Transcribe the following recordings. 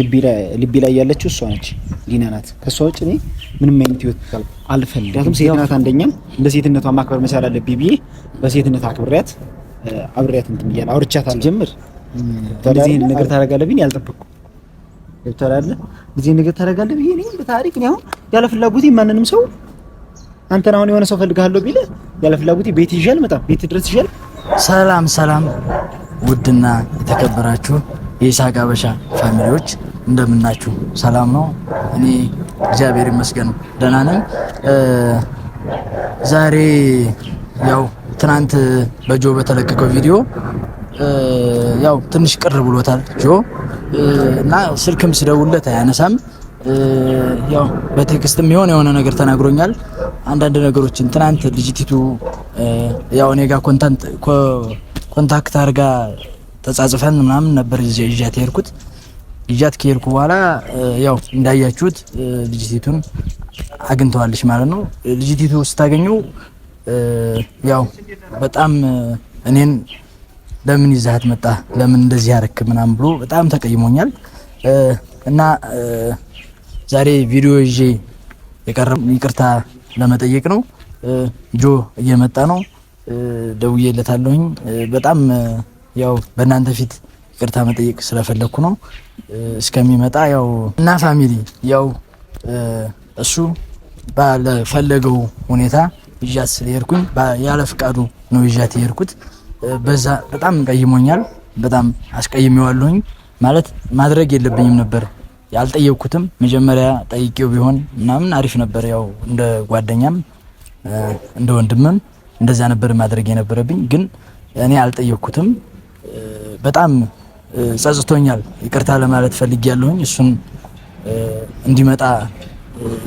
ልቤ ላይ ያለችው እሷ ነች፣ ሊና ናት። ከእሷ ውጭ እኔ ምንም አይነት ህይወት አልፈልግም። ሴት ናት። አንደኛም እንደ ሴትነቷ ማክበር መቻል አለብኝ ብዬ በሴትነት አክብሬያት አብሬያት እንትን ብያለሁ። አውርቻታለሁ። ጀምር እንደዚህ ነገር ታደርጋለህ ብዬ ያልጠበቅኩ ይብታላል እንደዚህ ነገር ታደርጋለህ ብዬ እኔ በታሪክ ነው ያለ ፍላጎቴ ማንንም ሰው አንተን አሁን የሆነ ሰው ፈልጋለሁ ቢለ ያለ ፍላጎቴ ቤት ይዣል መጣ ቤት ድረስ ይዣል። ሰላም ሰላም፣ ውድና የተከበራችሁ የኢሳቅ አበሻ ፋሚሊዎች እንደምናችሁ ሰላም ነው? እኔ እግዚአብሔር ይመስገን ደህና ነኝ። ዛሬ ያው ትናንት በጆ በተለቀቀው ቪዲዮ ያው ትንሽ ቅር ብሎታል ጆ እና ስልክም ስደውለት አያነሳም። ያው በቴክስትም የሆነ የሆነ ነገር ተናግሮኛል። አንዳንድ ነገሮችን ትናንት ልጅቲቱ ያው እኔ ጋር ኮንታክት አድርጋ ተጻጽፈን ምናምን ነበር ይዣት የሄድኩት እጃት ከሄድኩ በኋላ ያው እንዳያችሁት ልጅቲቱን አግኝተዋለች ማለት ነው። ልጅቲቱ ስታገኘው ያው በጣም እኔን ለምን ይዛት መጣ፣ ለምን እንደዚህ ያረክ ምናምን ብሎ በጣም ተቀይሞኛል። እና ዛሬ ቪዲዮ ይዤ የቀረብ ይቅርታ ለመጠየቅ ነው። ጆ እየመጣ ነው፣ ደውዬለታለሁኝ በጣም ያው በእናንተ ፊት ቅርታ መጠየቅ ስለፈለግኩ ነው። እስከሚመጣ ያው እና ፋሚሊ ያው እሱ ባለፈለገው ሁኔታ ይዣት ስለሄድኩኝ ያለ ፍቃዱ ነው ይዣት የሄድኩት። በዛ በጣም ቀይሞኛል። በጣም አስቀይሜዋለሁኝ። ማለት ማድረግ የለብኝም ነበር። ያልጠየቅኩትም መጀመሪያ ጠይቄው ቢሆን ምናምን አሪፍ ነበር። ያው እንደ ጓደኛም እንደ ወንድምም እንደዛ ነበር ማድረግ የነበረብኝ፣ ግን እኔ አልጠየቅኩትም በጣም ጸጽቶኛል፣ ይቅርታ ለማለት ፈልጊያለሁኝ። እሱን እንዲመጣ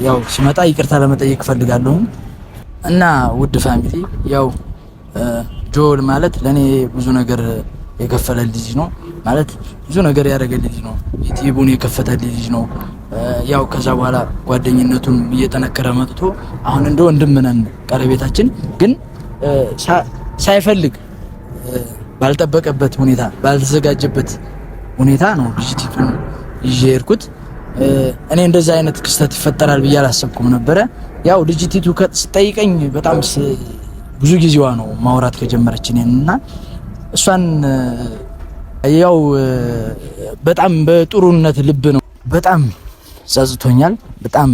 ያው ሲመጣ ይቅርታ ለመጠየቅ ፈልጋለሁኝ። እና ውድ ፋሚሊ ያው ጆል ማለት ለኔ ብዙ ነገር የከፈለ ልጅ ነው ማለት ብዙ ነገር ያደረገ ልጅ ነው። ዩቲዩቡን የከፈተ ልጅ ነው። ያው ከዛ በኋላ ጓደኝነቱን እየጠነከረ መጥቶ አሁን እንደ ወንድም ነን ቀረቤታችን ግን ሳይፈልግ ባልጠበቀበት ሁኔታ ባልተዘጋጀበት ሁኔታ ነው ልጅቲቱን ይዤ ሄድኩት። እኔ እንደዛ አይነት ክስተት ይፈጠራል ብዬ አላሰብኩም ነበረ። ያው ልጅቲቱ ስጠይቀኝ በጣም ብዙ ጊዜዋ ነው ማውራት ከጀመረች እኔን እና እሷን ያው በጣም በጥሩነት ልብ ነው በጣም ጸጽቶኛል። በጣም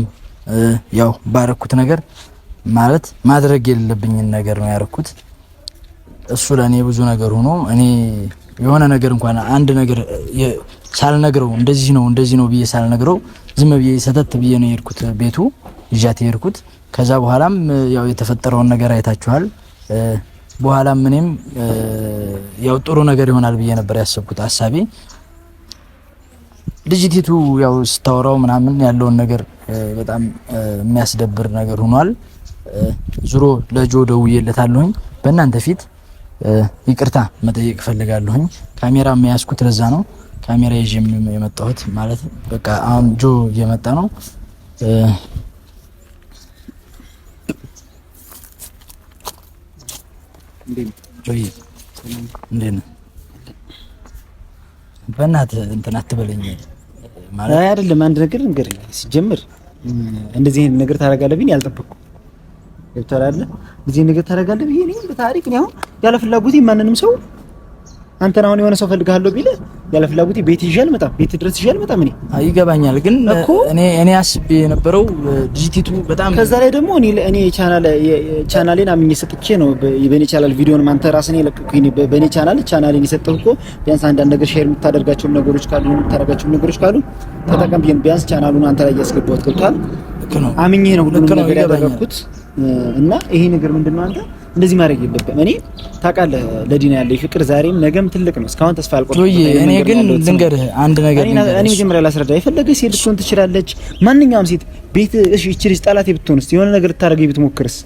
ያው ባረኩት ነገር ማለት ማድረግ የሌለብኝን ነገር ነው ያረኩት። እሱ ለእኔ ብዙ ነገር ሆኖ እኔ የሆነ ነገር እንኳን አንድ ነገር ሳልነግረው እንደዚህ ነው እንደዚህ ነው ብዬ ሳልነግረው ዝም ብዬ ሰተት ብዬ ነው የሄድኩት፣ ቤቱ ይዣት የሄድኩት። ከዛ በኋላም ያው የተፈጠረውን ነገር አይታችኋል። በኋላም እኔም ያው ጥሩ ነገር ይሆናል ብዬ ነበር ያሰብኩት ሀሳቤ። ልጅቲቱ ያው ስታወራው ምናምን ያለውን ነገር በጣም የሚያስደብር ነገር ሆኗል። ዙሮ ለጆ ደውዬለታለሁኝ በእናንተ ፊት ይቅርታ መጠየቅ እፈልጋለሁኝ። ካሜራ የሚያስኩት ለዛ ነው። ካሜራ ይዤ የመጣሁት ማለት በቃ አሁን ጆ እየመጣ ነው። እንዴት ነህ? በእናትህ እንትን አትበለኝ። ማለት አይደለም አንድ ነገር ንገር። ሲጀምር እንደዚህ አይነት ነገር ታደርጋለህ ብዬ አልጠበኩም። ገብቶሃል አይደል? እንደዚህ ነገር ታደርጋለህ ብዬ እኔ በታሪክ ነው ያለ ፍላጎቴ ማንንም ሰው አንተን አሁን የሆነ ሰው ፈልጋለሁ ቢል ያለ ፍላጎቴ ቤት ይዤ አልመጣም፣ ቤት ድረስ ይዤ አልመጣም። እኔ ይገባኛል፣ ግን እኔ እኔ አስቤ የነበረው ዲጂቲቱ በጣም ከዛ ላይ ደግሞ እኔ እኔ ቻናል ቻናሌን አምኜ ሰጥቼ ነው በኔ ቻናል ቪዲዮን አንተ ራስህ ነው የለቀኩኝ። በኔ ቻናል ቻናሌን የሰጠሁ እኮ ቢያንስ አንዳንድ ነገር ሼር የምታደርጋቸው ነገሮች ካሉ የምታደርጋቸው ነገሮች ካሉ ተጠቀም ቢን ቢያንስ ቻናሉን አንተ ላይ እያስገባሁት ገብቷል። አምኜ ነው ሁሉንም ነገር ያደረኩት እና ይሄ ነገር ምንድነው አንተ እንደዚህ ማድረግ የለብህም። እኔ ታውቃለህ፣ ለዲና ያለኝ ፍቅር ዛሬም ነገም ትልቅ ነው። እስካሁን ተስፋ አልቆርጥም። እኔ ግን ልንገርህ አንድ ነገር፣ እኔ መጀመሪያ ላስረዳ። የፈለገች ሴት ልትሆን ትችላለች፣ ማንኛውም ሴት ቤት። እሺ፣ እቺ ልጅ ጠላቴ ብትሆንስ? የሆነ ነገር ልታደርገኝ ብትሞክርስ?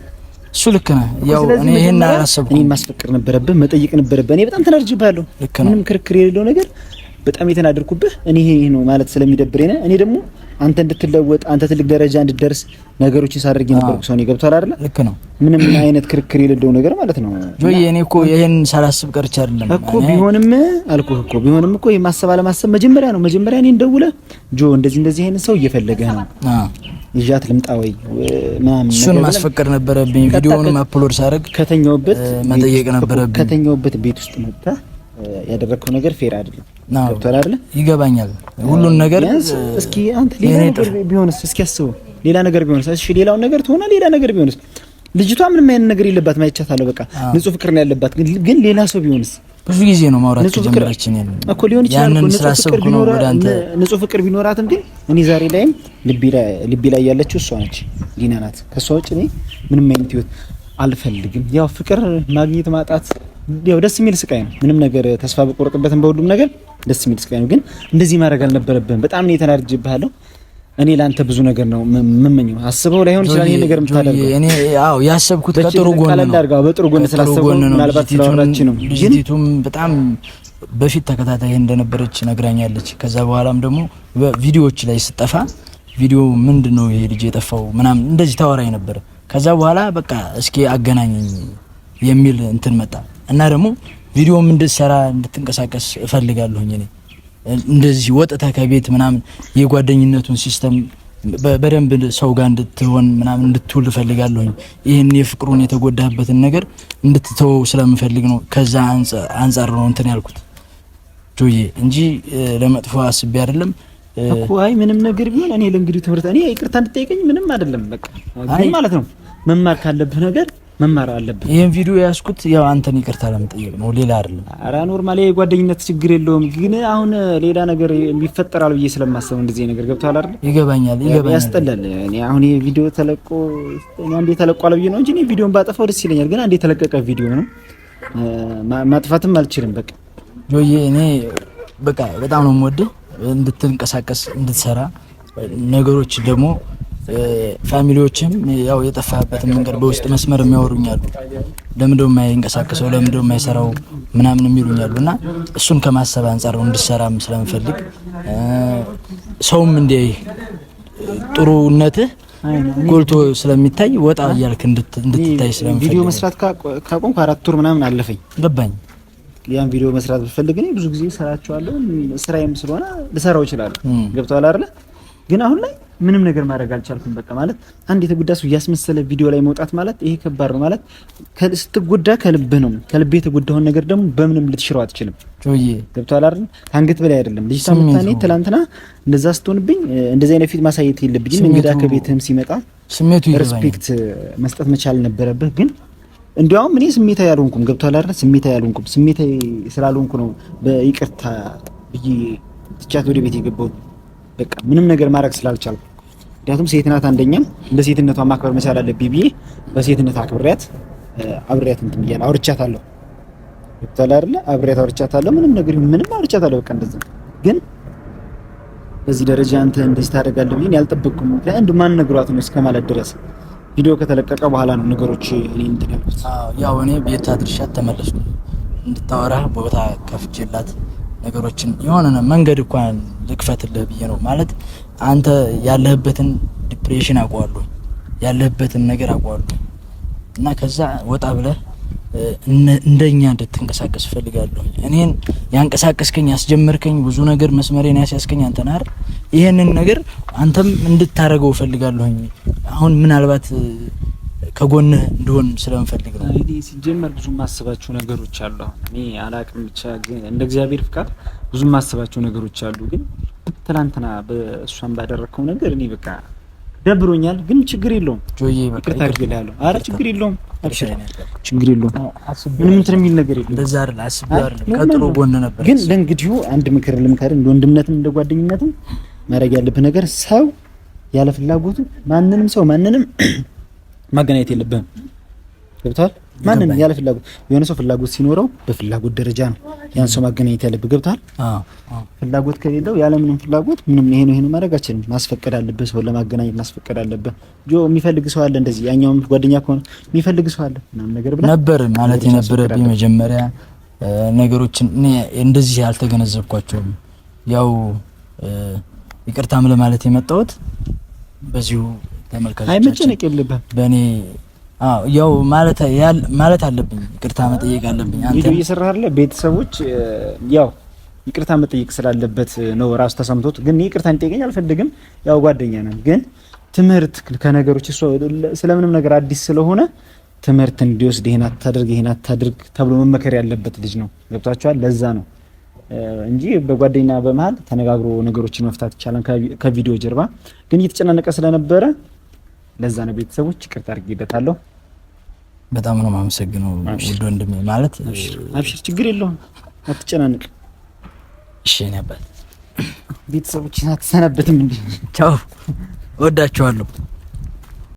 እሱ ልክ ነህ። ያው እኔ ይሄን አላሰብኩም። እኔ ማስፈቅር ነበረብህ፣ መጠየቅ ነበረብህ። እኔ በጣም ተናድጄብሃለሁ። ምንም ክርክር የሌለው ነገር በጣም የተናደርኩብህ እኔ ይሄ ነው ማለት ስለሚደብሬ ነው። እኔ ደግሞ አንተ እንድትለወጥ አንተ ትልቅ ደረጃ እንድትደርስ ነገሮችን ሳደርግ የነበርኩ ሰው ነው። ገብቷል አይደል? ልክ ነው። ምንም አይነት ክርክር የሌለው ነገር ማለት ነው። ጆይ እኔ እኮ ይሄን ሳላስብ ቀርቼ አይደለም እኮ ቢሆንም አልኩህ እኮ ቢሆንም እኮ ማሰብ አለማሰብ መጀመሪያ ነው። መጀመሪያ እኔ ደውለህ ጆ እንደዚህ እንደዚህ አይነት ሰው እየፈለገህ ነው ይዣት ልምጣ ወይ ምናምን እሱን ማስፈቀድ ነበረብኝ። ቪዲዮውንም አፕሎድ ሳደርግ ከተኛውበት መጠየቅ ነበረብኝ። ከተኛውበት ቤት ውስጥ መጣ ያደረግከው ነገር ፌር አይደለም። ገብቶሃል አይደለ? ይገባኛል ሁሉን ነገር። እስኪ አንተ ሌላ ነገር ቢሆንስ? እስኪ አስበው። ሌላ ነገር ቢሆንስ? እሺ ሌላውን ነገር ትሆና ሌላ ነገር ቢሆንስ? ልጅቷ ምንም አይነት ነገር የለባት ማይቻታለሁ። በቃ ንጹህ ፍቅር ነው ያለባት። ግን ሌላ ሰው ቢሆንስ? ብዙ ጊዜ ነው ማውራት ጀምራችን እኮ ሊሆን ይችላል። ንጹህ ፍቅር ቢኖራት እንዴ! እኔ ዛሬ ላይም ልቢ ላይ ያለችው እሷ ነች፣ ዲና ናት። ከእሷ ውጭ እኔ ምንም አይነት ህይወት አልፈልግም። ያው ፍቅር ማግኘት ማጣት ያው ደስ የሚል ስቃይ ነው። ምንም ነገር ተስፋ በቆረጥበትም በሁሉም ነገር ደስ የሚል ስቃይ ነው። ግን እንደዚህ ማድረግ አልነበረብህም። በጣም ነው የተናድጄብሃለሁ። እኔ ለአንተ ብዙ ነገር ነው የምመኘው። አስበው ላይሆን ይችላል ይሄ ነገር የምታደርገው። እኔ አዎ ያሰብኩት ከጥሩ ጎን ነው፣ ካላደርጋው በጥሩ ጎን ስላሰብኩ ምናልባት ስለሆናችን ነው። ልጅቱም በጣም በፊት ተከታታይ እንደነበረች ነግራኛለች። ከዛ በኋላም ደግሞ ቪዲዮዎች ላይ ስጠፋ ቪዲዮ ምንድን ነው ይሄ ልጅ የጠፋው ምናምን እንደዚህ ታወራኝ ነበር። ከዛ በኋላ በቃ እስኪ አገናኝ የሚል እንትን መጣ እና ደግሞ ቪዲዮም እንድትሰራ እንድትንቀሳቀስ እፈልጋለሁኝ እኔ እንደዚህ ወጥተ ከቤት ምናምን የጓደኝነቱን ሲስተም በደንብ ሰው ጋር እንድትሆን ምናምን እንድትውል እፈልጋለሁኝ። ይህን የፍቅሩን የተጎዳህበትን ነገር እንድትተወው ስለምፈልግ ነው። ከዛ አንጻር ነው እንትን ያልኩት ጆዬ እንጂ ለመጥፎ አስቤ አይደለም። አይ ምንም ነገር ቢሆን እኔ ለእንግዲህ ትምህርት እኔ ይቅርታ እንድጠይቀኝ ምንም አይደለም። በቃ ማለት ነው መማር ካለብህ ነገር መማር አለብህ። ይህን ቪዲዮ ያስኩት ያው አንተን ይቅርታ ለመጠየቅ ነው፣ ሌላ አይደለም። ኧረ ኖርማል የጓደኝነት ችግር የለውም፣ ግን አሁን ሌላ ነገር ይፈጠራል ብዬ ስለማሰብ እንደዚህ ነገር ገብቷል አይደል? ይገባኛል፣ ይገባኛል። ያስጠላል። እኔ አሁን ይሄ ቪዲዮ ተለቆ እኔ አንዴ ተለቋል ብዬ ነው እንጂ እኔ ቪዲዮን ባጠፋው ደስ ይለኛል፣ ግን አንዴ የተለቀቀ ቪዲዮ ነው፣ ማጥፋትም አልችልም። በቃ ጆዬ፣ እኔ በቃ በጣም ነው የምወደው፣ እንድትንቀሳቀስ እንድትሰራ ነገሮች ደግሞ ፋሚሊዎችም ያው የጠፋበትን መንገድ በውስጥ መስመር የሚያወሩኛሉ። ለምንደ የማይንቀሳቀሰው ለምንደ የማይሰራው ምናምን የሚሉኛሉ እና እሱን ከማሰብ አንጻር ነው እንድሰራም ስለምፈልግ ሰውም እንደ ጥሩነትህ ጎልቶ ስለሚታይ ወጣ እያልክ እንድትታይ ስለምፈልግ ቪዲዮ መስራት ካቆም አራት ቱር ምናምን አለፈኝ ገባኝ። ያን ቪዲዮ መስራት ብፈልግ ብዙ ጊዜ እሰራቸዋለሁ። ስራዬም ስለሆነ ልሰራው ይችላሉ ገብተዋል አይደለ? ግን አሁን ላይ ምንም ነገር ማድረግ አልቻልኩም። በቃ ማለት አንድ የተጎዳ ሰው እያስመሰለ ቪዲዮ ላይ መውጣት ማለት ይሄ ከባድ ነው። ማለት ስትጎዳ ከልብ ነው። ከልብ የተጎዳውን ነገር ደግሞ በምንም ልትሽረው አትችልም። ገብቶሃል አይደል? ከአንገት በላይ አይደለም። ልጅ ሳምታኔ ትላንትና እንደዛ ስትሆንብኝ እንደዚህ አይነት ፊት ማሳየት የለብኝም። እንግዳ ከቤትህም ሲመጣ ሬስፔክት መስጠት መቻል ነበረብህ ግን እንዲያውም እኔ ስሜታ ያልሆንኩም ገብቶሃል አይደል? ስሜታ ያልሆንኩም ስሜታ ስላልሆንኩ ነው በይቅርታ ብዬ ትቻት ወደ ቤት የገባሁት በቃ ምንም ነገር ማድረግ ስላልቻልኩ፣ ምክንያቱም ሴት ናት። አንደኛም እንደ ሴትነቷ ማክበር መቻል አለብኝ ብዬ በሴትነት አክብሬያት አብሬያት እንትን ብያለሁ። አውርቻታለሁ ብታላ አይደለ አብሬያት አውርቻታለሁ። ምንም ነገር ምንም አውርቻታለሁ። በቃ እንደዚህ ግን በዚህ ደረጃ አንተ እንደዚህ ታደርጋለህ ብዬ ያልጠበቅኩም። እንደ ማን ነግሯት ነው እስከማለት ድረስ ቪዲዮ ከተለቀቀ በኋላ ነው ነገሮች እኔ እንትን ያልኩት። ያው እኔ ቤት አድርሻት ተመለስኩ። እንድታወራ ቦታ ከፍቼላት ነገሮችን የሆነ መንገድ እንኳን ልክፈትልህ ብዬ ነው። ማለት አንተ ያለህበትን ዲፕሬሽን አውቀዋለሁ፣ ያለህበትን ነገር አውቀዋለሁ እና ከዛ ወጣ ብለህ እንደኛ እንድትንቀሳቀስ እፈልጋለሁ። እኔን ያንቀሳቀስከኝ ያስጀመርከኝ፣ ብዙ ነገር መስመሬን ያስያዝከኝ አንተ ናር። ይሄንን ነገር አንተም እንድታደርገው እፈልጋለሁኝ። አሁን ምናልባት ከጎንህ እንድሆን ስለምፈልግ ነው። እኔ ሲጀመር ብዙ ማስባቸው ነገሮች አሉ። አሁን እኔ አላቅም፣ ብቻ ግን እንደ እግዚአብሔር ፍቃድ ብዙ ማስባቸው ነገሮች አሉ። ግን ትላንትና በእሷን ባደረግከው ነገር እኔ በቃ ደብሮኛል። ግን ችግር የለውም ጆዬ፣ ይቅርታ አድርግልሃለሁ። አረ ችግር የለውም ችግር የለውም። ምንም እንትን የሚል ነገር የለም። እንደዛ አይደል አስቤ አይደል ከጥሩ ጎን ነበር። ግን ለእንግዲሁ አንድ ምክር ልምከር፣ እንደ ወንድምነትም እንደ ጓደኝነትም ማድረግ ያለብህ ነገር ሰው ያለ ፍላጎቱ ማንንም ሰው ማንንም ማገናኘት የለብህም። ገብተሃል? ማንንም ያለ ፍላጎት የሆነ ሰው ፍላጎት ሲኖረው በፍላጎት ደረጃ ነው ያን ሰው ማገናኘት ያለብህ። ገብተሃል? ፍላጎት ከሌለው ያለምንም ፍላጎት ምንም ይሄ ነው ይሄ ነው ማድረግ አችልም። ማስፈቀድ አለብህ፣ ሰው ለማገናኘት ማስፈቀድ አለብህ። ጆ የሚፈልግ ሰው አለ፣ እንደዚህ ያኛውም ጓደኛ ከሆነ የሚፈልግ ሰው አለ ምናምን ነገር ብላ ነበር ማለት የነበረብኝ መጀመሪያ ነገሮችን እኔ እንደዚህ አልተገነዘብኳቸውም። ያው ይቅርታም ለማለት የመጣሁት በዚሁ አይመጨነቅ የለብህም በእኔ ያው ማለት አለብኝ፣ ይቅርታ መጠየቅ አለብኝ። ቪዲዮ እየሰራ አለ ቤተሰቦች ያው ይቅርታ መጠየቅ ስላለበት ነው ራሱ ተሰምቶት፣ ግን ይቅርታ እንጠይቀኝ አልፈልግም። ያው ጓደኛ ነን፣ ግን ትምህርት ከነገሮች ስለምንም ነገር አዲስ ስለሆነ ትምህርት እንዲወስድ ይሄን አታድርግ ይሄን አታድርግ ተብሎ መመከር ያለበት ልጅ ነው። ገብቷቸዋል። ለዛ ነው እንጂ በጓደኛ በመሀል ተነጋግሮ ነገሮችን መፍታት ይቻላል ከቪዲዮ ጀርባ። ግን እየተጨናነቀ ስለነበረ ለዛ ነው ቤተሰቦች ይቅርታ አድርጌለታለሁ። በጣም ነው የማመሰግነው ውድ ወንድሜ። ማለት አብሽር፣ ችግር የለውም አትጨናንቅ። እሺ እኔ አባት ቤተሰቦች አትሰናበትም እንዴ? ቻው፣ እወዳችኋለሁ።